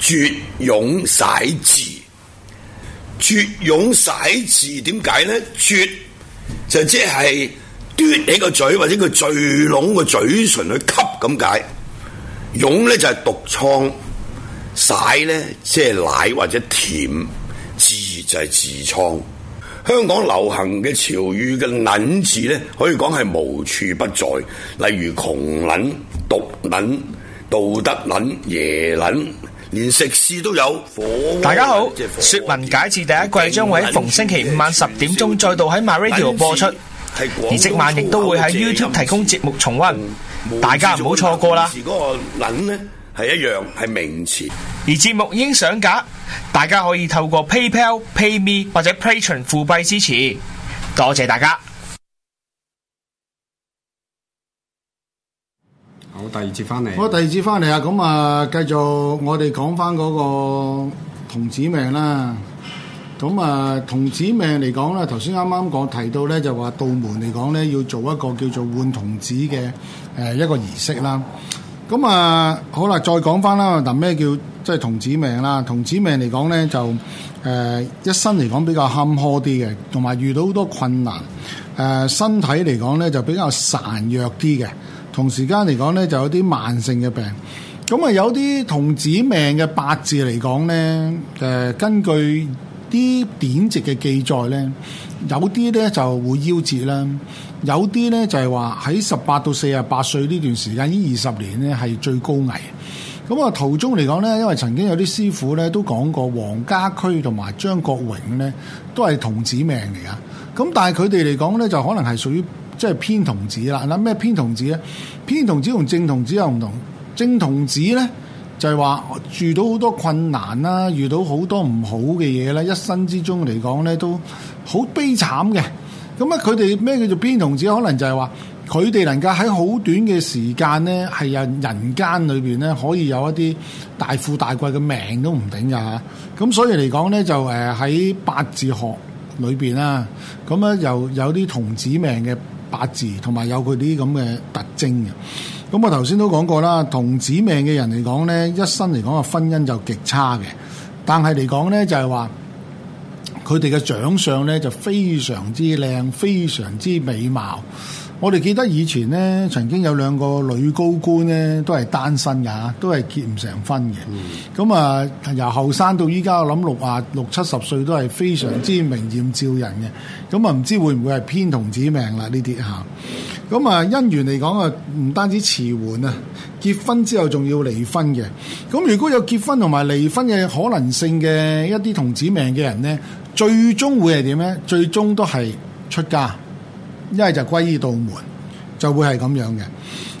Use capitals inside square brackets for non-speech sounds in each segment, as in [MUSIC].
絕涌使字，絕涌使字點解咧？絕就即係嘟起個嘴或者個聚攏個嘴唇去吸咁解，涌咧就係、是、毒倉，使咧即係奶或者甜，字就係痔瘡。香港流行嘅潮語嘅捻字咧，可以講係無處不在，例如窮捻、毒捻。道德捻，耶捻，連食肆都有。大家好，說文解字第一季將會逢星期五晚十點鐘再度喺 MyRadio 播出，而即晚亦都會喺 YouTube 提供節目重温，大家唔好錯過啦。而嗰個捻呢，係一樣係名詞，而節目已經上架，大家可以透過 PayPal、PayMe 或者 Patreon 付費支持，多謝大家。第二節翻嚟，我第二節翻嚟啊！咁啊，繼續我哋講翻嗰個童子命啦。咁啊，童子命嚟講咧，頭先啱啱講提到咧，就話、是、道門嚟講咧，要做一個叫做換童子嘅誒一個儀式啦。咁啊、嗯，好啦，再講翻啦。嗱，咩叫即係童子命啦？童子命嚟講咧，就誒一生嚟講比較坎坷啲嘅，同埋遇到好多困難。誒身體嚟講咧，就比較孱弱啲嘅。同時間嚟講呢，就有啲慢性嘅病。咁啊，有啲童子命嘅八字嚟講呢，誒，根據啲典籍嘅記載，有呢，有啲呢就會夭折啦。有啲呢就係話喺十八到四十八歲呢段時間呢，二十年呢係最高危。咁啊，途中嚟講呢，因為曾經有啲師傅呢都講過，黃家駒同埋張國榮呢都係童子命嚟噶。咁但係佢哋嚟講呢，就可能係屬於。即係偏童子啦，嗱咩偏童子咧？偏童子同正童子又唔同。正童子咧就係話住到好多困難啦，遇到好多唔好嘅嘢咧，一生之中嚟講咧都好悲慘嘅。咁啊，佢哋咩叫做偏童子？可能就係話佢哋能夠喺好短嘅時間咧，係人間裏邊咧可以有一啲大富大貴嘅命都唔定㗎嚇。咁所以嚟講咧，就誒喺八字學裏邊啦，咁啊又有啲童子命嘅。八字剛剛同埋有佢啲咁嘅特徵嘅，咁我頭先都講過啦。童子命嘅人嚟講呢，一生嚟講嘅婚姻就極差嘅，但係嚟講呢就係話佢哋嘅長相呢，就非常之靚，非常之美貌。我哋記得以前咧，曾經有兩個女高官咧，都係單身呀，都係結唔成婚嘅。咁啊、嗯，嗯嗯、由後生到依家，我諗六啊六七十歲都係非常之明豔照人嘅。咁啊、嗯，唔、嗯、知會唔會係偏童子命啦？呢啲嚇。咁、嗯、啊，姻緣嚟講啊，唔單止遲緩啊，結婚之後仲要離婚嘅。咁如果有結婚同埋離婚嘅可能性嘅一啲童子命嘅人呢，最終會係點呢？最終都係出家。一係就歸於道門，就會係咁樣嘅。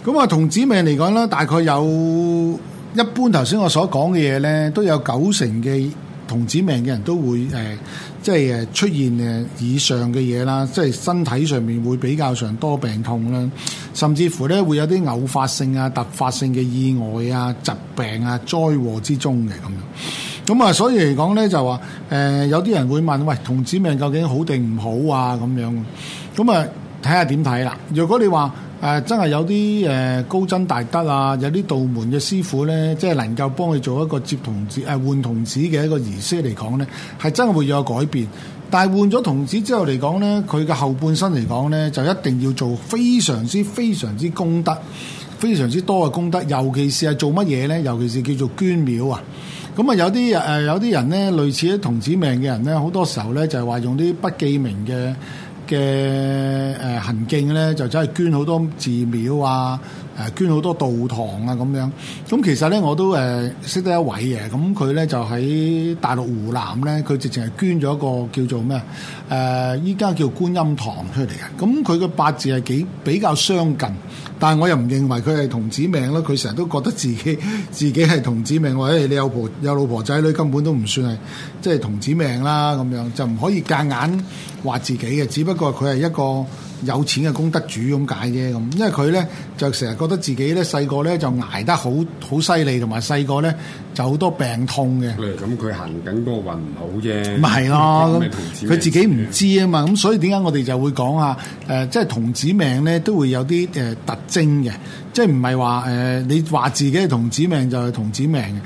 咁啊，童子命嚟講咧，大概有一般頭先我所講嘅嘢咧，都有九成嘅童子命嘅人都會誒、呃，即係誒出現誒以上嘅嘢啦，即係身體上面會比較常多病痛啦，甚至乎咧會有啲偶發性啊、突發性嘅意外啊、疾病啊、災禍之中嘅咁樣。咁啊，所以嚟講咧，就話誒有啲人會問，喂，童子命究竟好定唔好啊？咁樣，咁啊睇下點睇啦。如果你話誒真係有啲誒高真大德啊，有啲道門嘅師傅咧，即係能夠幫佢做一個接童子誒換童子嘅一個儀式嚟講咧，係真係會有改變。但係換咗童子之後嚟講咧，佢嘅後半生嚟講咧，就一定要做非常之非常之功德，非常之多嘅功德。尤其是係做乜嘢咧？尤其是叫做捐廟啊！咁啊有啲誒、呃，有啲人咧，類似啲童子命嘅人咧，好多時候咧就係、是、話用啲不記名嘅嘅誒行徑咧，就真係捐好多寺廟啊！捐好多道堂啊咁樣，咁其實呢，我都誒、呃、識得一位嘅，咁佢呢，就喺大陸湖南呢，佢直情係捐咗一個叫做咩誒，依、呃、家叫觀音堂出嚟嘅。咁佢個八字係幾比較相近，但係我又唔認為佢係童子命咯。佢成日都覺得自己自己係童子命，或、哎、者你有婆有老婆仔女，根本都唔算係即係童子命啦咁樣，就唔可以夾硬話自己嘅。只不過佢係一個，有錢嘅功德主咁解啫，咁因為佢咧就成日覺得自己咧細個咧就捱得好好犀利，同埋細個咧就好多病痛嘅。咁佢行緊嗰個運唔好啫。咪係咯，咁、嗯、佢、嗯嗯、自己唔知啊嘛，咁、嗯、所以點解我哋就會講啊？誒、呃，即係童子命咧都會有啲誒、呃、特徵嘅，即係唔係話誒你話自己係童子命就係童子命嘅。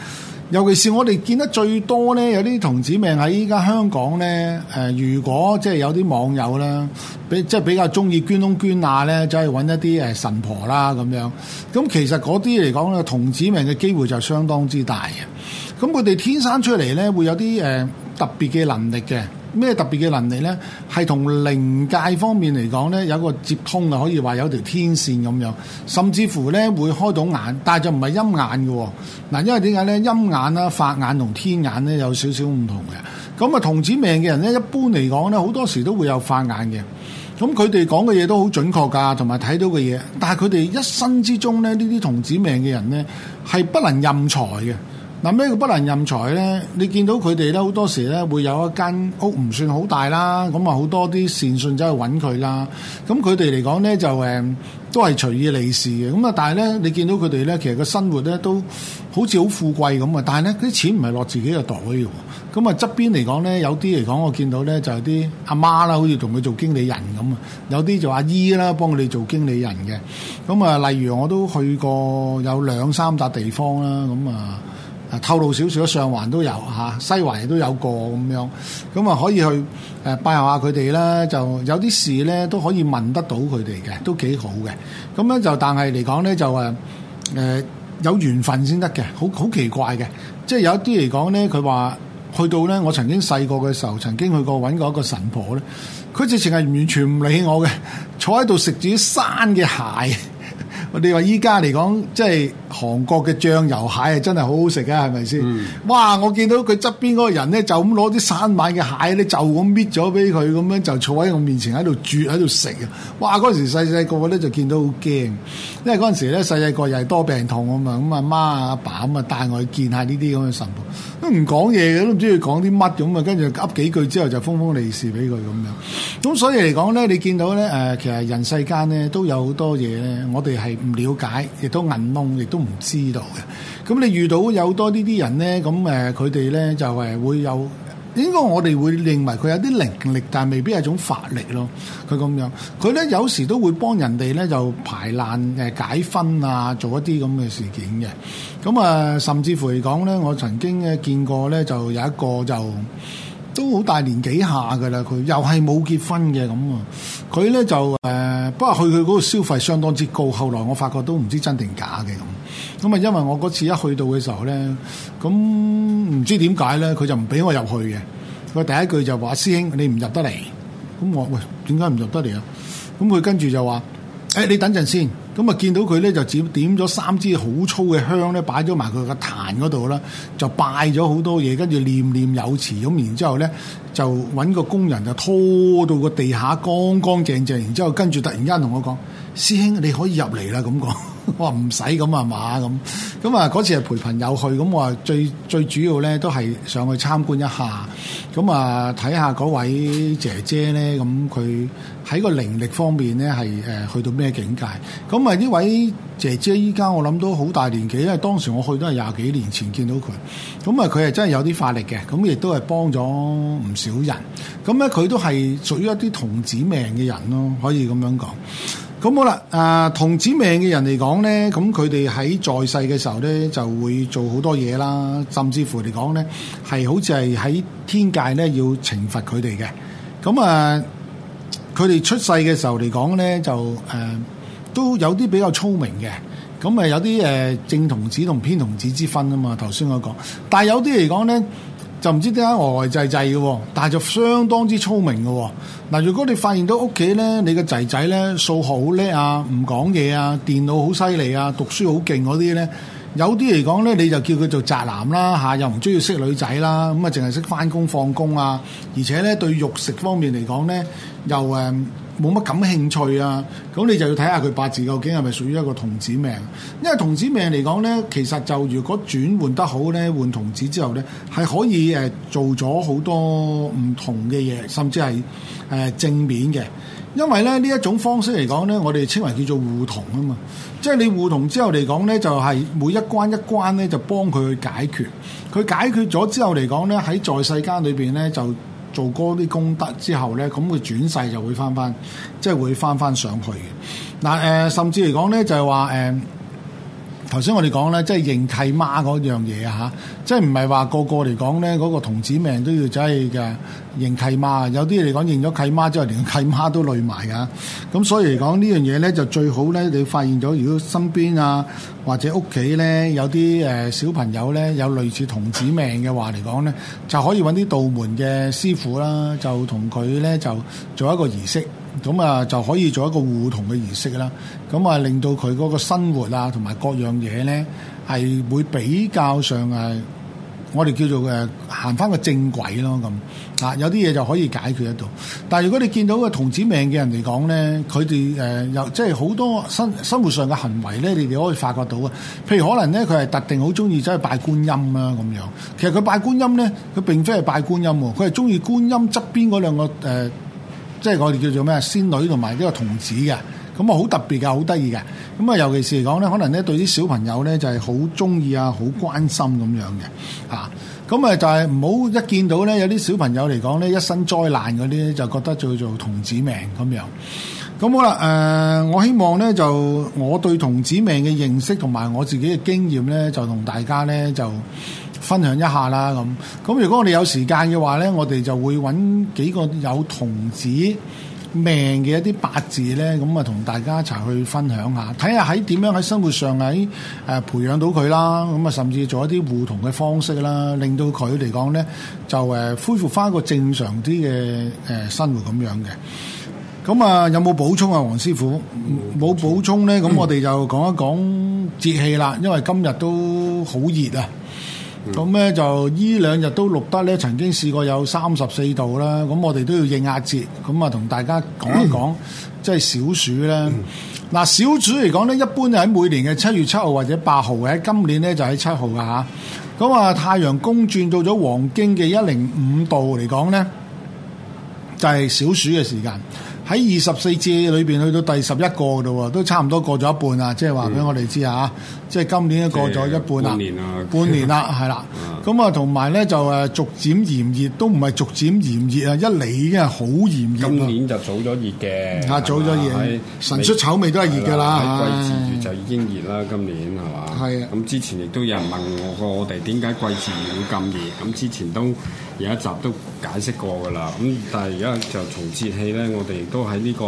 尤其是我哋見得最多呢，有啲童子命喺依家香港呢。誒、呃，如果即係有啲網友啦，比即係比較中意捐窿捐罅呢，就係揾一啲誒、呃、神婆啦咁樣。咁其實嗰啲嚟講呢，童子命嘅機會就相當之大嘅。咁佢哋天生出嚟呢，會有啲誒、呃、特別嘅能力嘅。咩特別嘅能力呢？係同靈界方面嚟講呢，有個接通啊，可以話有條天線咁樣，甚至乎呢會開到眼，但係就唔係陰眼嘅。嗱，因為點解呢？陰眼啦、法眼同天眼呢，有少少唔同嘅。咁啊，童子命嘅人呢，一般嚟講呢，好多時都會有法眼嘅。咁佢哋講嘅嘢都好準確㗎，同埋睇到嘅嘢。但係佢哋一生之中呢，呢啲童子命嘅人呢，係不能任財嘅。嗱，咩叫不能任財咧？你見到佢哋咧，好多時咧會有一間屋唔算好大啦，咁啊好多啲善信走去揾佢啦。咁佢哋嚟講咧就誒都係隨意利是嘅。咁啊，但係咧你見到佢哋咧，其實個生活咧都好似好富貴咁啊。但係咧啲錢唔係落自己個袋嘅喎。咁啊側邊嚟講咧，有啲嚟講我見到咧就係啲阿媽啦，好似同佢做經理人咁啊。有啲做阿姨啦，幫佢哋做經理人嘅。咁啊，例如我都去過有兩三笪地方啦，咁啊。透露少少，上環都有嚇，西環都有過咁樣，咁啊可以去誒拜下佢哋啦，就有啲事咧都可以問得到佢哋嘅，都幾好嘅。咁咧就但係嚟講咧就誒誒、呃、有緣分先得嘅，好好奇怪嘅。即係有一啲嚟講咧，佢話去到咧，我曾經細個嘅時候曾經去過搵過一個神婆咧，佢直情係完全唔理我嘅，坐喺度食自己生嘅蟹。你哋話依家嚟講，即係韓國嘅醬油蟹係真係好好食噶，係咪先？嗯、哇！我見到佢側邊嗰個人咧，就咁攞啲散買嘅蟹咧，就咁搣咗俾佢，咁樣就坐喺我面前喺度住喺度食啊！哇！嗰陣時細細個咧就見到好驚，因為嗰陣時咧細細個又係多病痛啊嘛，咁阿媽阿爸咁啊帶我去見下呢啲咁嘅神婆，都唔講嘢嘅，都唔知佢講啲乜咁啊，跟住噏幾句之後就封封利是俾佢咁樣。咁所以嚟講咧，你見到咧誒，其實人世間咧都有好多嘢咧，我哋係。唔瞭解，亦都銀行亦都唔知道嘅。咁你遇到有多呢啲人咧？咁誒，佢哋咧就誒會有，應該我哋會認為佢有啲靈力，但係未必係一種法力咯。佢咁樣，佢咧有時都會幫人哋咧就排難誒解紛啊，做一啲咁嘅事件嘅。咁啊，甚至乎嚟講咧，我曾經咧見過咧，就有一個就。都好大年紀下嘅啦，佢又係冇結婚嘅咁啊！佢咧就誒、呃，不過去佢嗰個消費相當之高。後來我發覺都唔知真定假嘅咁。咁啊，因為我嗰次一去到嘅時候咧，咁唔知點解咧，佢就唔俾我入去嘅。佢第一句就話： [LAUGHS] 師兄，你唔入得嚟。咁我喂，點解唔入得嚟啊？咁佢跟住就話。誒、哎、你等陣先，咁啊見到佢咧就點點咗三支好粗嘅香咧，擺咗埋佢個壇嗰度啦，就拜咗好多嘢，跟住念念有詞咁，然之後咧就揾個工人就拖到個地下乾乾淨淨，然之後跟住突然間同我講：師兄你可以入嚟啦咁講。我話唔使咁啊嘛咁，咁啊嗰次係陪朋友去，咁我話最最主要咧都係上去參觀一下，咁啊睇下嗰位姐姐咧，咁佢喺個靈力方面咧係誒去到咩境界？咁啊呢位姐姐依家我諗都好大年紀，因為當時我去都係廿幾年前見到佢，咁啊佢係真係有啲法力嘅，咁亦都係幫咗唔少人，咁咧佢都係屬於一啲童子命嘅人咯，可以咁樣講。咁好啦，誒、啊、童子命嘅人嚟講咧，咁佢哋喺在世嘅時候咧，就會做好多嘢啦，甚至乎嚟講咧，係好似係喺天界咧要懲罰佢哋嘅。咁啊，佢哋出世嘅時候嚟講咧，就誒、啊、都有啲比較聰明嘅。咁啊，有啲誒正童子同偏童子之分啊嘛。頭先我講，但係有啲嚟講咧。就唔知點解呆呆滯滯嘅，但係就相當之聰明嘅。嗱、呃，如果你發現到屋企咧，你嘅仔仔咧，數學好叻啊，唔講嘢啊，電腦好犀利啊，讀書好勁嗰啲咧。有啲嚟講咧，你就叫佢做宅男啦嚇，又唔中意識女仔啦，咁啊，淨係識返工放工啊，而且咧對肉食方面嚟講咧，又誒冇乜感興趣啊，咁你就要睇下佢八字究竟係咪屬於一個童子命，因為童子命嚟講咧，其實就如果轉換得好咧，換童子之後咧，係可以誒做咗好多唔同嘅嘢，甚至係誒正面嘅。因為咧呢一種方式嚟講呢，我哋稱為叫做互同啊嘛，即係你互同之後嚟講呢，就係、是、每一關一關呢就幫佢去解決，佢解決咗之後嚟講呢，喺在，在世間裏邊呢就做多啲功德之後呢，咁佢轉世就會返返，即係會返返上去。嘅。嗱誒，甚至嚟講呢，就係話誒。呃頭先我哋講咧，即係認契媽嗰樣嘢嚇、啊，即係唔係話個個嚟講咧，嗰、那個童子命都要真係認契媽。有啲嚟講認咗契媽之後，連契媽都累埋噶。咁、啊嗯、所以嚟講呢樣嘢咧，就最好咧，你發現咗如果身邊啊或者屋企咧有啲誒小朋友咧有類似童子命嘅話嚟講咧，就可以揾啲道門嘅師傅啦，就同佢咧就做一個儀式。咁啊就可以做一個互通嘅儀式啦。咁啊令到佢嗰個生活啊同埋各樣嘢咧，係會比較上誒，我哋叫做誒行翻個正軌咯咁。啊，有啲嘢就可以解決得到。但係如果你見到個童子命嘅人嚟講咧，佢哋誒又即係好多生生活上嘅行為咧，你哋可以發覺到啊。譬如可能咧，佢係特定好中意走去拜觀音啊咁樣。其實佢拜觀音咧，佢並非係拜觀音喎，佢係中意觀音側邊嗰兩個、呃即係我哋叫做咩啊？仙女同埋呢個童子嘅，咁啊好特別嘅，好得意嘅。咁啊，尤其是嚟講咧，可能咧對啲小朋友咧就係好中意啊，好關心咁樣嘅。嚇，咁啊就係唔好一見到咧有啲小朋友嚟講咧一身災難嗰啲，就覺得叫做童子命咁樣。咁好啦，誒，我希望咧就我對童子命嘅認識同埋我自己嘅經驗咧，就同大家咧就。分享一下啦，咁咁，如果我哋有時間嘅話呢，我哋就會揾幾個有童子命嘅一啲八字呢。咁啊同大家一齊去分享下，睇下喺點樣喺生活上，喺誒培養到佢啦，咁啊甚至做一啲互通嘅方式啦，令到佢嚟講呢，就誒恢復翻一個正常啲嘅誒生活咁樣嘅。咁啊有冇補充啊，黃師傅？冇補充，充呢。咁、嗯、我哋就講一講節氣啦，因為今日都好熱啊。咁咧、嗯、就依兩日都錄得咧，曾經試過有三十四度啦。咁我哋都要應下節，咁啊同大家講一講，即係 [COUGHS] 小暑啦。嗱， [COUGHS] 小暑嚟講咧，一般就喺每年嘅七月七號或者八號嘅，或者今年咧就喺七號噶嚇。咁啊，太陽公轉到咗黃經嘅一零五度嚟講咧，就係、是、小暑嘅時間。喺二十四節裏邊去到第十一個嘞喎，都差唔多過咗一半啦，即係話俾我哋知嚇，即係今年過咗一半啦，半年啦，係啦。咁啊，同埋咧就誒逐漸炎熱，都唔係逐漸炎熱啊，一嚟已經係好炎熱。今年就早咗熱嘅，啊早咗熱，神出丑味都係熱嘅啦。季節就已經熱啦，今年係嘛？係啊。咁之前亦都有人問我過，我哋點解季節會咁熱？咁之前都有一集都解釋過噶啦，咁但係而家就從節氣咧，我哋都喺呢個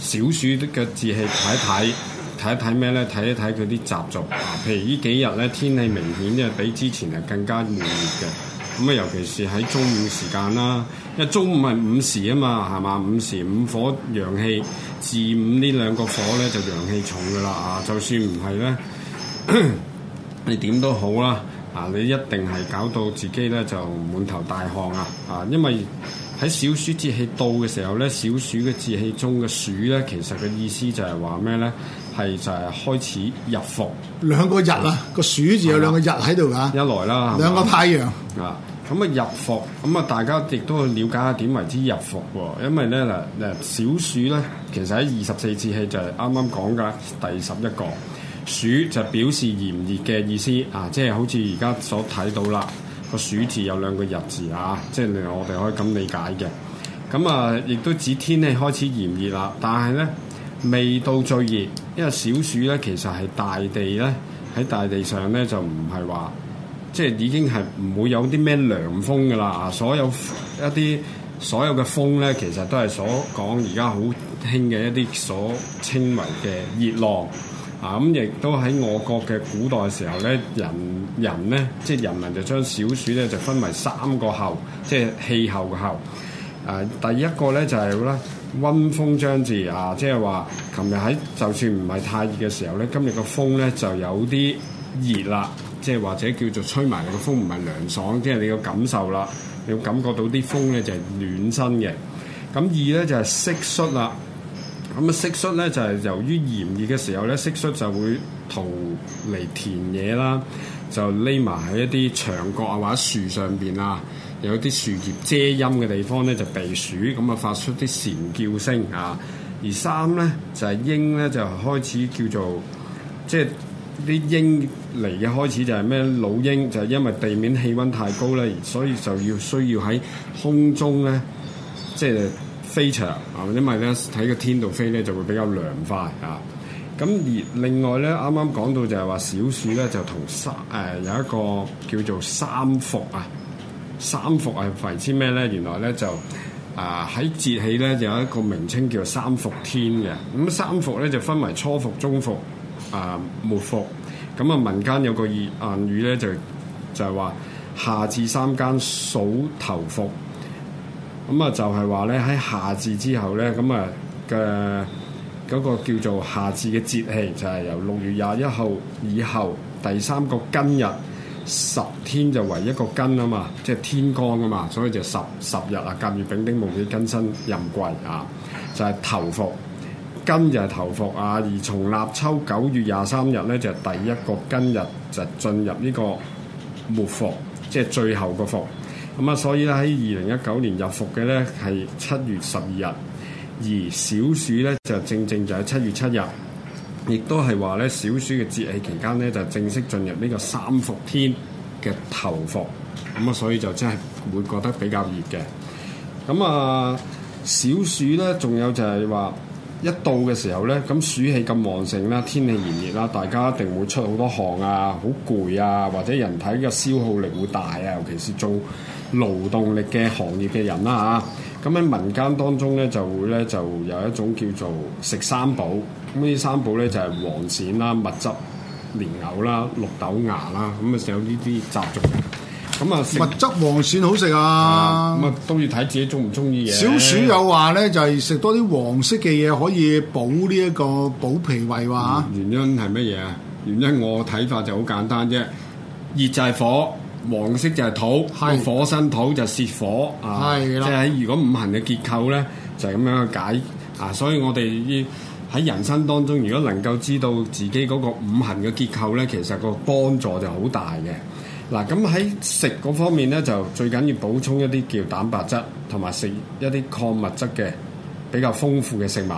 小暑的嘅節氣睇一睇，睇一睇咩咧？睇一睇佢啲習俗啊。譬如幾呢幾日咧，天氣明顯即係比之前係更加悶熱嘅。咁啊，尤其是喺中午時間啦，因為中午係午時啊嘛，係嘛？午時午火陽氣，巳午呢兩個火咧就陽氣重噶啦啊！就算唔係咧，你點都好啦。啊！你一定係搞到自己咧就滿頭大汗啊！啊，因為喺小暑節氣到嘅時候咧，小暑嘅節氣中嘅暑咧，其實嘅意思就係話咩咧？係就係開始入伏兩個日啊！嗯、個暑字有兩個日喺度㗎，一來啦，兩個太陽啊！咁、嗯、啊入伏，咁、嗯、啊大家亦都去了解下點為之入伏喎？因為咧嗱嗱小暑咧，其實喺二十四節氣就係啱啱講㗎，第十一個。暑就表示炎熱嘅意思，啊，即係好似而家所睇到啦，個暑字有兩個日字啊，即係令我哋可以咁理解嘅。咁啊，亦都指天氣開始炎熱啦，但係咧未到最熱，因為小暑咧其實係大地咧喺大地上咧就唔係話，即係已經係唔會有啲咩涼風噶啦，啊，所有一啲所有嘅風咧其實都係所講而家好興嘅一啲所稱為嘅熱浪。啊！咁亦都喺我國嘅古代時候咧，人人咧即係人民就將小暑咧就分為三個候，即係氣候嘅候。誒、啊，第一個咧就係、是、咧，溫風將至啊！即係話，琴日喺就算唔係太熱嘅時候咧，今日個風咧就有啲熱啦，即係或者叫做吹埋你個風唔係涼爽，即係你個感受啦，你會感覺到啲風咧就係、是、暖身嘅。咁、啊、二咧就係蟋蟀啦。咁啊，蟋蟀咧就係、是、由於炎熱嘅時候咧，蟋蟀就會逃離田野啦，就匿埋喺一啲牆角啊，或者樹上邊啊，有啲樹葉遮陰嘅地方咧就避暑，咁啊發出啲蟬叫聲啊。而三咧就係鷹咧就開始叫做，即係啲鷹嚟嘅開始就係咩？老鷹就係、是、因為地面氣温太高咧，所以就要需要喺空中咧，即係。因為飛長啊，或者咧睇個天度飛咧就會比較涼快啊。咁而另外咧，啱啱講到就係話小暑咧就同三誒、呃、有一個叫做三伏啊。三伏係為之咩咧？原來咧就啊喺節氣咧有一個名稱叫三伏天嘅。咁三伏咧就分為初伏、中伏啊、末、呃、伏。咁、呃、啊民間有個熱硬語咧就就係、是、話夏至三更數頭伏。咁啊，就係話咧喺夏至之後咧，咁啊嘅嗰個叫做夏至嘅節氣，就係、是、由六月廿一號以後第三個庚日十天就為一個庚啊嘛，即係天干啊嘛，所以就十十日啊，甲乙丙丁戊己庚辛壬癸啊，就係、是、頭伏庚就係頭伏啊，而從立秋九月廿三日咧就係、是、第一個庚日就進入呢個末伏，即係最後個伏。咁啊，所以咧喺二零一九年入伏嘅呢，係七月十二日，而小暑呢，就正正就係七月七日，亦都係話呢，小暑嘅節氣期間呢，就正式進入呢個三伏天嘅頭伏，咁啊，所以就真係會覺得比較熱嘅。咁啊，小暑呢，仲有就係話一到嘅時候呢，咁暑氣咁旺盛啦，天氣炎熱啦，大家一定會出好多汗啊，好攰啊，或者人體嘅消耗力會大啊，尤其是做。勞動力嘅行業嘅人啦嚇，咁喺民間當中咧就會咧就有一種叫做食三寶，咁呢三寶咧就係黃鱔啦、蜜汁蓮藕啦、綠豆芽啦，咁啊有呢啲習俗。咁啊，蜜汁黃鱔好食啊？咁啊都要睇自己中唔中意嘅。小暑有話咧，就係食多啲黃色嘅嘢可以補呢一個補脾胃話嚇。原因係乜嘢啊？原因我睇法就好簡單啫，熱就係火。黃色就係土，是火生土就泄火的啊！即係如果五行嘅結構咧，就係、是、咁樣去解啊！所以我哋要喺人生當中，如果能夠知道自己嗰個五行嘅結構咧，其實個幫助就好大嘅。嗱、啊，咁喺食嗰方面咧，就最緊要補充一啲叫蛋白質同埋食一啲礦物質嘅比較豐富嘅食物。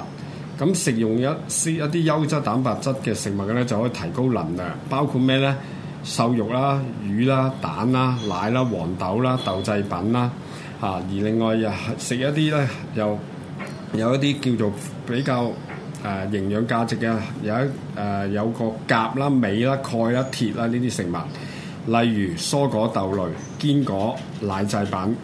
咁食用一食一啲優質蛋白質嘅食物嘅咧，就可以提高能量。包括咩咧？瘦肉啦、魚啦、蛋啦、奶啦、黃豆啦、豆製品啦，嚇、啊！而另外又食、啊、一啲咧，又有一啲叫做比較誒、呃、營養價值嘅，有一誒、呃、有一個甲啦、鎂啦、鈣啦、鐵啦呢啲食物，例如蔬果、豆類、堅果、奶製品，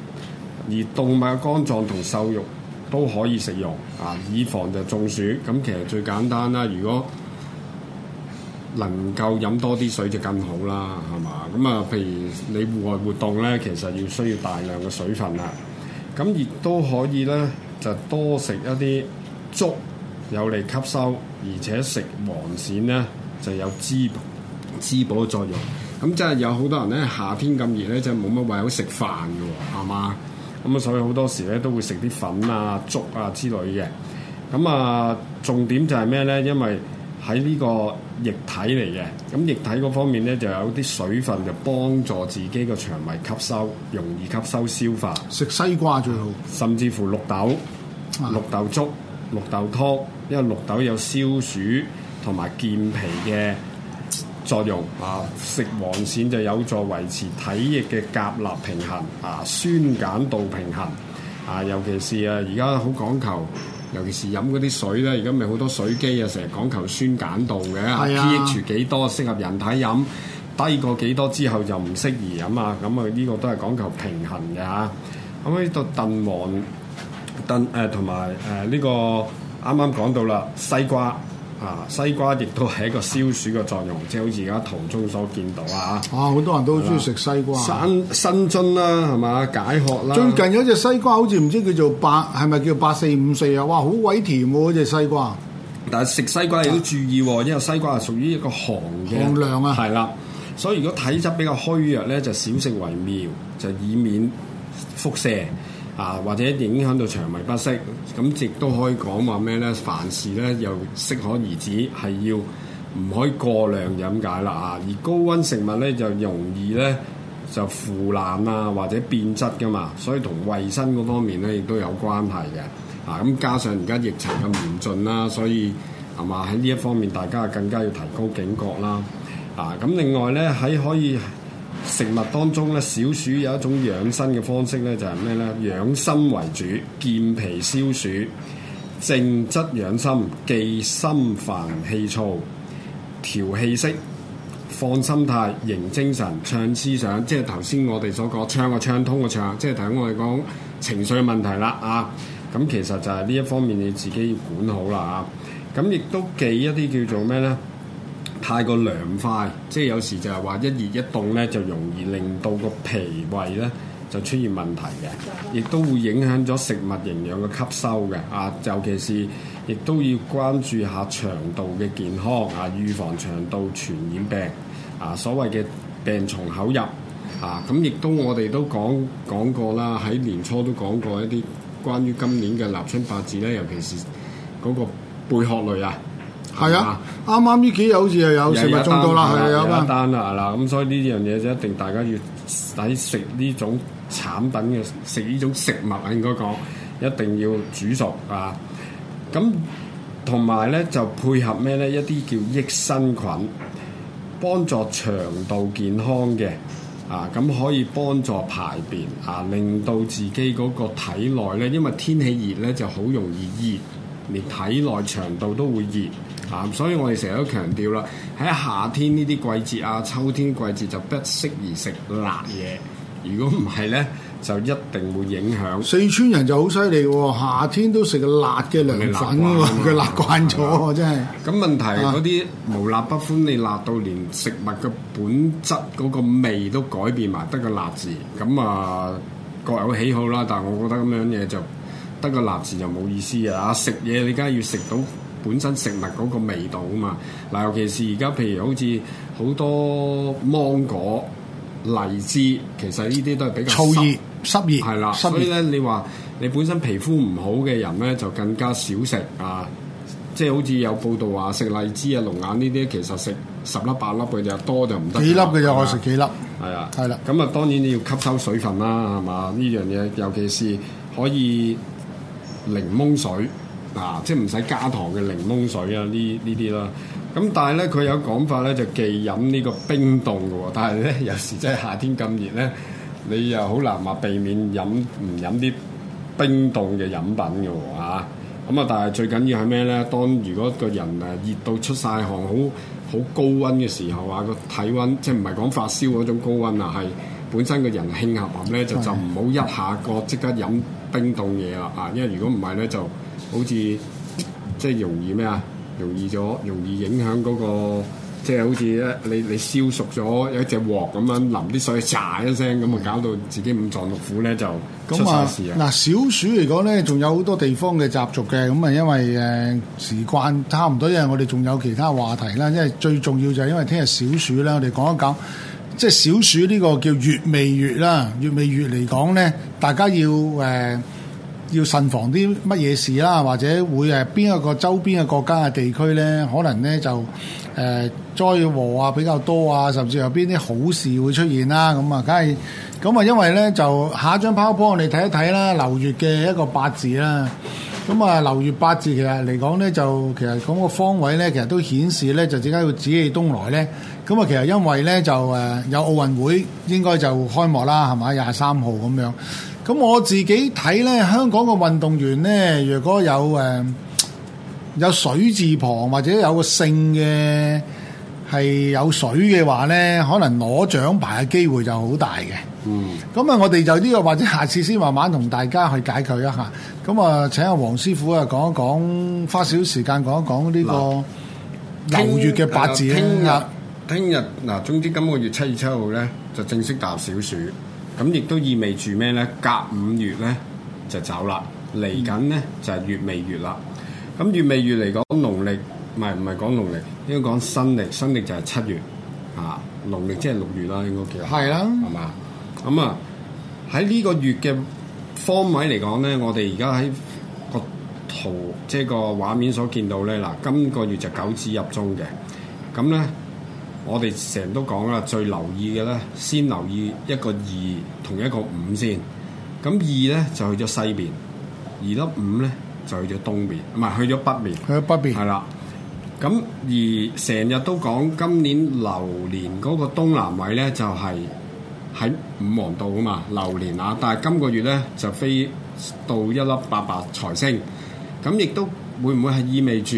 而動物嘅肝臟同瘦肉都可以食用，啊！以防就中暑，咁其實最簡單啦，如果能夠飲多啲水就更好啦，係嘛？咁啊，譬如你戶外活動咧，其實要需要大量嘅水分啦。咁亦都可以咧，就多食一啲粥，有利吸收，而且食黃鱔咧就有滋滋補嘅作用。咁即係有好多人咧，夏天咁熱咧，就冇乜胃口食飯嘅，係嘛？咁啊，所以好多時咧都會食啲粉啊、粥啊之類嘅。咁啊，重點就係咩咧？因為喺呢個液體嚟嘅，咁液體嗰方面咧就有啲水分就幫助自己個腸胃吸收，容易吸收消化。食西瓜最好，甚至乎綠豆、嗯、綠豆粥、綠豆湯，因為綠豆有消暑同埋健脾嘅作用。啊，食黃鱔就有助維持體液嘅鉀鈉平衡，啊酸鹼度平衡。啊，尤其是啊而家好講求。尤其是飲嗰啲水咧，而家咪好多水機啊，成日講求酸鹼度嘅、啊、pH 值幾多適合人體飲，低過幾多之後就唔適宜飲啊嘛，咁啊呢個都係講求平衡嘅吓。咁啊呢度檸檬、檸誒同埋誒呢個啱啱講到啦，西瓜。啊！西瓜亦都係一個消暑嘅作用，即係好似而家圖中所見到啊！啊！好、啊、多人都好中意食西瓜，生生津啦，係嘛、啊、解渴啦。最近有隻西瓜好似唔知叫做八，係咪叫八四五四啊？哇！好鬼甜喎、啊，隻西瓜。但係食西瓜亦都注意喎、啊，因為西瓜係屬於一個寒嘅，涼啊，係啦。所以如果體質比較虛弱咧，就少、是、食為妙，就以免腹瀉。啊，或者影響到腸胃不適，咁亦都可以講話咩咧？凡事咧又適可而止，係要唔可以過量飲解啦啊！而高溫食物咧就容易咧就腐爛啊，或者變質噶嘛，所以同衞生嗰方面咧亦都有關係嘅啊！咁加上而家疫情咁嚴峻啦，所以係嘛喺呢一方面大家更加要提高警覺啦啊！咁另外咧喺可以。食物當中咧，小暑有一種養生嘅方式咧，就係咩咧？養心為主，健脾消暑，正則養心，忌心煩氣躁，調氣息，放心態，營精神，暢思想。即係頭先我哋所講，暢個暢通啊暢。即係頭先我哋講情緒問題啦啊，咁其實就係呢一方面你自己要管好啦啊。咁亦都忌一啲叫做咩咧？太過涼快，即係有時就係話一熱一凍咧，就容易令到個脾胃咧就出現問題嘅，亦都會影響咗食物營養嘅吸收嘅。啊，尤其是亦都要關注下腸道嘅健康，啊，預防腸道傳染病。啊，所謂嘅病從口入。啊，咁亦都我哋都講講過啦，喺年初都講過一啲關於今年嘅立春八字咧，尤其是嗰個貝殼類啊。係啊，啱啱呢幾日好似又有食物中毒啦，係有啊，單啦，嗱，咁所以呢啲樣嘢就一定大家要使食呢種產品嘅食呢種食物，應該講一定要煮熟啊。咁同埋咧就配合咩咧？一啲叫益生菌，幫助腸道健康嘅啊，咁可以幫助排便啊，令到自己嗰個體內咧，因為天氣熱咧就好容易熱，連體內腸道都會熱。啊、所以我哋成日都強調啦，喺夏天呢啲季節啊、秋天季節就不適宜食辣嘢。如果唔係咧，就一定會影響。四川人就好犀利喎，夏天都食辣嘅涼粉喎，佢辣慣咗、啊、喎真係。咁、啊、問題嗰啲無辣不歡，你辣到連食物嘅本質嗰個味都改變埋，得個辣字。咁啊，各有喜好啦。但係我覺得咁樣嘢就得個辣字就冇意思啊！食嘢你梗係要食到。本身食物嗰個味道嘛，嗱，尤其是而家，譬如好似好多芒果、荔枝，其實呢啲都係比較燥熱、濕熱係啦，的熱所以咧，你話你本身皮膚唔好嘅人咧，就更加少食啊，即係好似有報道話食荔枝啊、龍眼呢啲，其實食十粒、八粒佢哋就多就唔得，幾粒嘅就可以食幾粒，係啊，係啦，咁啊，當然你要吸收水分啦，係嘛呢樣嘢，尤其是可以檸檬水。嗱、啊，即係唔使加糖嘅檸檬水啊！呢呢啲啦，咁但係咧佢有講法咧，就忌飲呢個冰凍嘅喎，但係咧有時真係夏天咁熱咧，你又好難話避免飲唔飲啲冰凍嘅飲品嘅嚇。咁啊，但係最緊要係咩咧？當如果個人誒熱到出晒汗，好好高溫嘅時候啊，個體溫即係唔係講發燒嗰種高溫啊，係本身個人輕合合咧，的就就唔好一下個即刻飲冰凍嘢啦啊，因為如果唔係咧就。好似即係容易咩啊？容易咗，容易影響嗰、那個，即係好似咧，你你燒熟咗有一隻鑊咁樣淋啲水，炸一聲咁啊，搞到自己五臟六腑咧就出曬事啊！嗱，小暑嚟講咧，仲有好多地方嘅習俗嘅，咁啊，因為誒、呃、時間差唔多，因為我哋仲有其他話題啦，因為最重要就係因為聽日小暑啦，我哋講一講，即係小暑呢個叫月未月啦，月未月嚟講咧，大家要誒。呃要慎防啲乜嘢事啦，或者會誒邊一個周邊嘅國家嘅地區咧，可能咧就誒災禍啊比較多啊，甚至有邊啲好事會出現啦，咁啊梗係咁啊，因為咧就下一張拋波，我哋睇一睇啦，流月嘅一個八字啦，咁啊流月八字其實嚟講咧，就其實咁個方位咧，其實都顯示咧就點解要紫氣東來咧？咁、嗯、啊，其實因為咧就誒、呃、有奧運會應該就開幕啦，係咪廿三號咁樣。咁我自己睇咧，香港嘅運動員咧，如果有誒、呃、有水字旁或者有個姓嘅係有水嘅話咧，可能攞獎牌嘅機會就好大嘅。嗯，咁啊，這個，我哋就呢個或者下次先慢慢同大家去解構一下。咁啊，請阿黃師傅啊講一講，花少時間講一講呢個流月嘅八字咧。聽日，聽日嗱，總之今個月七月七號咧就正式踏小暑。咁亦都意味住咩咧？隔五月咧就走啦，嚟緊咧就係月尾月啦。咁月尾月嚟講，農曆唔係，唔係講農曆，應該講新曆，新曆就係七月啊。農曆即係六月啦，應該叫係啦，係嘛？咁啊，喺呢個月嘅方位嚟講咧，我哋而家喺個圖即係、就是、個畫面所見到咧嗱，今個月就九紫入中嘅，咁、嗯、咧。我哋成日都講啦，最留意嘅咧，先留意一個二同一個五先。咁二咧就去咗西面，二粒五咧就去咗東面，唔係去咗北面。去咗北邊，係啦。咁而成日都講今年流年嗰個東南位咧，就係、是、喺五黃道啊嘛，流年啊。但係今個月咧就飛到一粒八白財星，咁亦都會唔會係意味住？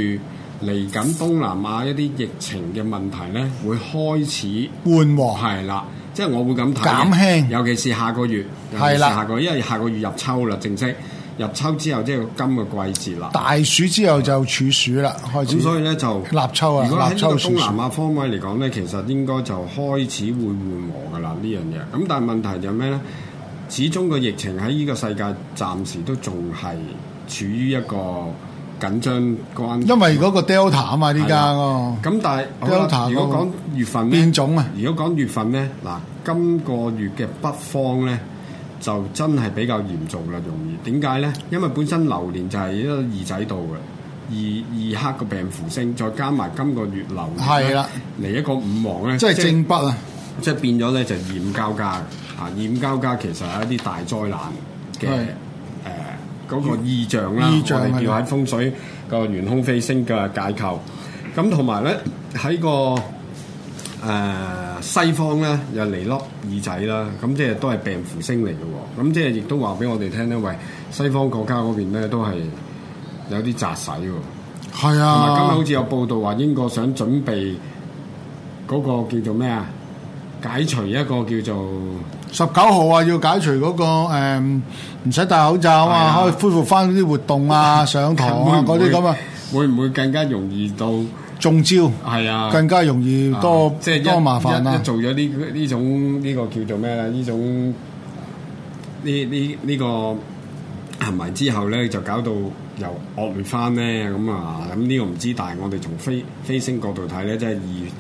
嚟緊東南亞一啲疫情嘅問題咧，會開始緩和，係啦，即係我會咁睇減輕，尤其是下個月，尤其是下個月，係啦，因為下個月入秋啦，正式入秋之後，即係今個季節啦。大暑之後就處暑啦，嗯，開始。所以咧就立秋啊，如果喺呢個東南亞方位嚟講咧，處暑其實應該就開始會緩和噶啦呢樣嘢。咁但係問題就係咩咧？始終個疫情喺呢個世界暫時都仲係處於一個緊張關係，因為嗰個 Delta 啊嘛，依家的，咁的但係 Delta 的如果講月份咧，變種啊！如果講月份咧，嗱，今個月嘅北方咧就真係比較嚴重啦，容易。點解咧？因為本身流年就係喺個二仔度嘅，二二黑個病符星，再加埋今個月流年咧嚟的一個五王咧，即係正北啊！即係變咗咧就二五交加啊！二五交加其實係一啲大災難嘅。嗰個意象啦，意象我哋叫喺吧風水、個玄空飛星嘅解構。咁同埋咧喺個誒、呃、西方咧又嚟粒耳仔啦，咁即係都係病符星嚟嘅喎。咁即係亦都話俾我哋聽咧，喂，西方國家嗰邊咧都係有啲扎使喎。係啊，同埋今日好似有報道話英國想準備嗰個叫做咩啊？解除一個叫做十九號啊，要解除嗰、那個唔使、嗯、戴口罩啊，可以恢復翻啲活動啊、會會上堂啊嗰啲咁啊，會唔會更加容易到中招？係啊，更加容易多即係、啊就是、多麻煩啊！做咗呢呢種呢、這個叫做咩啊？種這個、呢種呢呢呢個係咪之後咧，就搞到又惡劣翻咧，咁啊，咁、這、呢個唔知。但係我哋從飛飛星角度睇咧，即係二。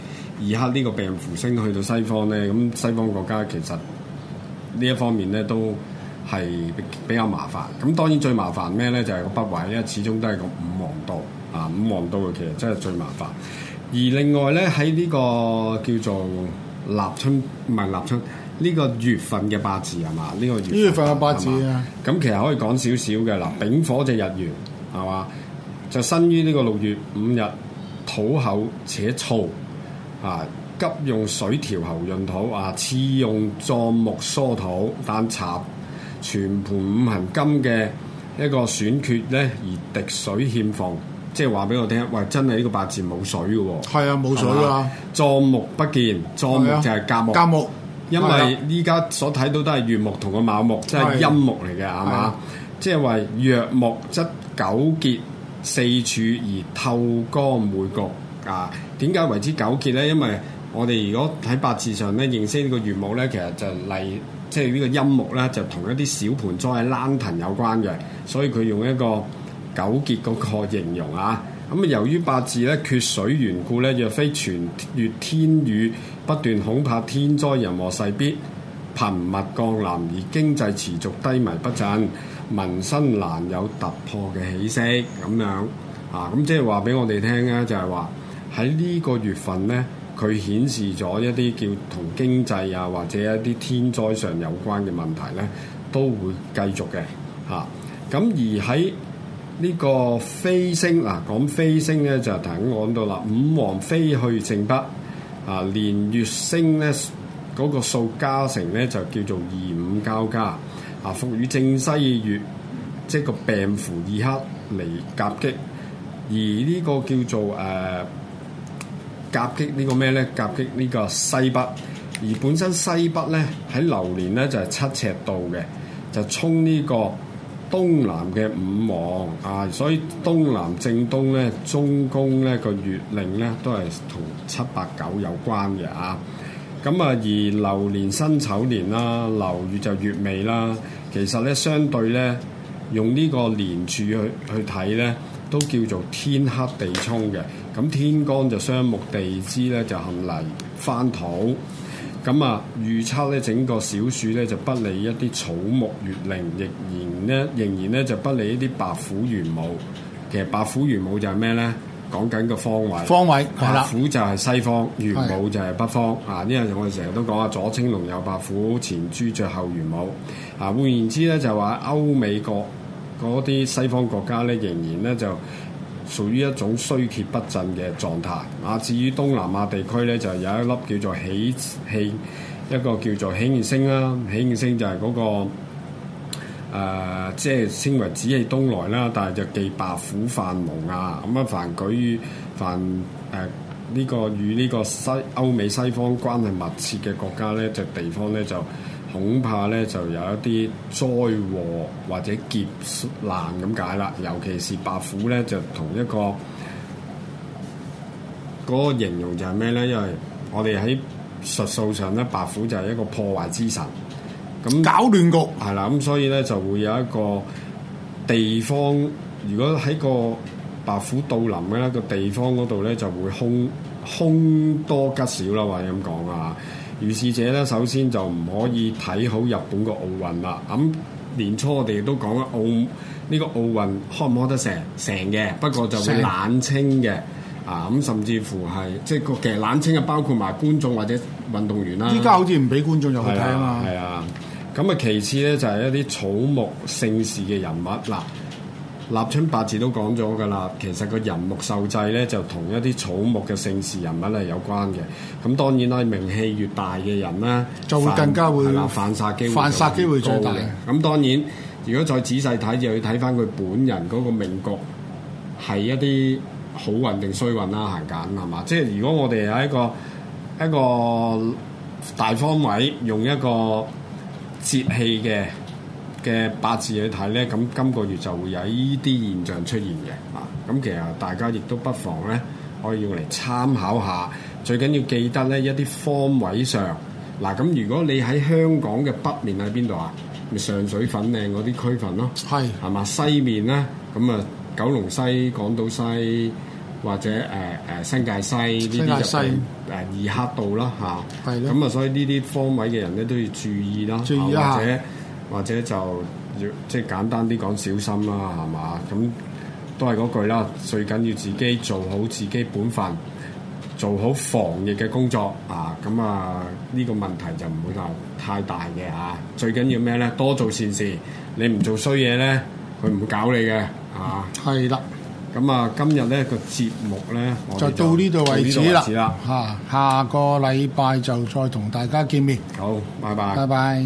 而黑呢個病符星去到西方咧，咁西方國家其實呢一方面咧都係比較麻煩。咁當然最麻煩咩咧？就係個北位，因為始終都係個五王道。啊，五旺度其實真係最麻煩。而另外咧喺呢個叫做立春，唔係立春呢、呢個月份嘅八字係嘛？呢個月月份嘅八字啊，咁吧吧其實可以講少少嘅啦。丙火就日元係嘛？就生於呢個六月五日，土厚且燥。啊！急用水調候潤土啊！次用壯木疏土單，但插全盤五行金嘅一個選決咧，而滴水欠奉。即係話俾我聽，喂，真係呢個八字冇水嘅喎、哦。係啊，冇水啊！壯木不見，壯木就係甲木。甲木，因為依家所睇到都係乙木同個卯木，即係、啊、陰木嚟嘅，係嘛？即係話若木則糾結四處而透光每角啊！點解為之糾結呢？因為我哋如果喺八字上咧認識個呢個月木咧，其實就嚟即係呢個陰木咧，就同一啲小盆栽係、躥騰有關嘅，所以佢用一個糾結嗰個形容啊。咁、嗯、由於八字咧缺水緣故咧，若非全月天雨不斷，恐怕天災人禍勢必頻密降臨，而經濟持續低迷不振，民生難有突破嘅起色咁樣啊。咁、嗯、即係話俾我哋聽咧，就係、是、話。喺呢個月份咧，佢顯示咗一啲叫同經濟啊或者一啲天災上有關嘅問題咧，都會繼續嘅嚇。咁、啊、而喺呢個飛星，嗱、啊，講飛星咧就係頭先講到啦，五黃飛去正北啊，年月星咧嗰個數加成咧就叫做二五交加啊，伏於正西月，即個病符二黑嚟夾擊，而呢個叫做誒。呃夾擊呢個咩呢？夾擊呢個西北，而本身西北呢，喺流年呢就係七尺度嘅，就衝呢個東南嘅五望啊！所以東南正東呢，中宮呢個月令呢，都係同七八九有關嘅啊！咁啊，而流年辛丑年啦，流月就月尾啦，其實呢，相對呢，用呢個年柱去去睇呢。都叫做天黑天克地沖嘅，咁天干就雙木，地支咧就含泥翻土，咁啊預測咧整個小暑咧就不利一啲草木月令，仍然咧仍然咧就不利一啲白虎玄武。其實白虎玄武就係咩咧？講緊個方位，方位係白虎就係西方，玄武就係北方。啊的，呢樣我哋成日都講啊，左青龍右白虎，前朱雀後玄武。啊，換言之咧就話歐美國。嗰啲西方國家咧仍然咧就屬於一種衰竭不振嘅狀態。啊，至於東南亞地區咧就有一粒叫做喜氣，一個叫做喜慶星啦，啊，喜慶星就係嗰、那個、呃、即係稱為紫氣東來啦，但係就忌白虎犯龍啊。咁啊，凡舉於凡誒呢、呃這個與呢個西歐美西方關係密切嘅國家咧，就地方咧就。恐怕咧就有一啲災禍或者劫難咁解啦，尤其是白虎咧就同一個嗰、那個形容就係咩咧？因為我哋喺術數上咧，白虎就係一個破壞之神，咁搞亂局係啦。咁所以咧就會有一個地方，如果喺個白虎到臨嘅一個地方嗰度咧，就會空，凶多吉少啦，或者咁講啊。如是者咧，首先就唔可以睇好日本奧奧、這個奧運啦。咁年初我哋都講啦，奧呢個奧運開唔開得成？成嘅，不過就會冷清嘅。成啊，咁甚至乎係即係個其實冷清嘅，包括埋觀眾或者運動員啦。依家好似唔俾觀眾入去睇啊嘛。係啊，咁啊，其次咧就係一啲草木盛事嘅人物嗱。立春八字都講咗㗎啦，其實個人木受制咧，就同一啲草木嘅姓氏人物係有關嘅。咁當然啦，名氣越大嘅人啦，就會更加會犯殺機會，犯殺機會,殺機會最,最大。咁當然，如果再仔細睇，就要睇翻佢本人嗰個命局係一啲好運定衰運啦、啊，行緊係嘛？即係如果我哋喺一個一個大方位用一個節氣嘅。嘅八字去睇咧，咁今個月就會有呢啲現象出現嘅啊！咁其實大家亦都不妨咧，可以用嚟參考下。最緊要記得咧，一啲方位上嗱，咁如果你喺香港嘅北面喺邊度啊？上水粉嶺嗰啲區份咯，係係嘛，西面咧，咁啊九龍西、港島西或者誒誒、呃、新界西呢啲就係二黑道啦吓，係咯的。咁啊，所以呢啲方位嘅人咧都要注意啦，注意或者。或者就要即係簡單啲講小心啦、啊，係嘛？咁都係嗰句啦，最緊要自己做好自己本分，做好防疫嘅工作啊！咁啊，呢、這個問題就唔會話太大嘅啊！最緊要咩咧？多做善事，你唔做衰嘢咧，佢唔會搞你嘅啊！係啦的，咁啊，今日咧、這個節目咧就到呢度為止啦嚇、啊，下個禮拜就再同大家見面。好，拜拜，拜拜。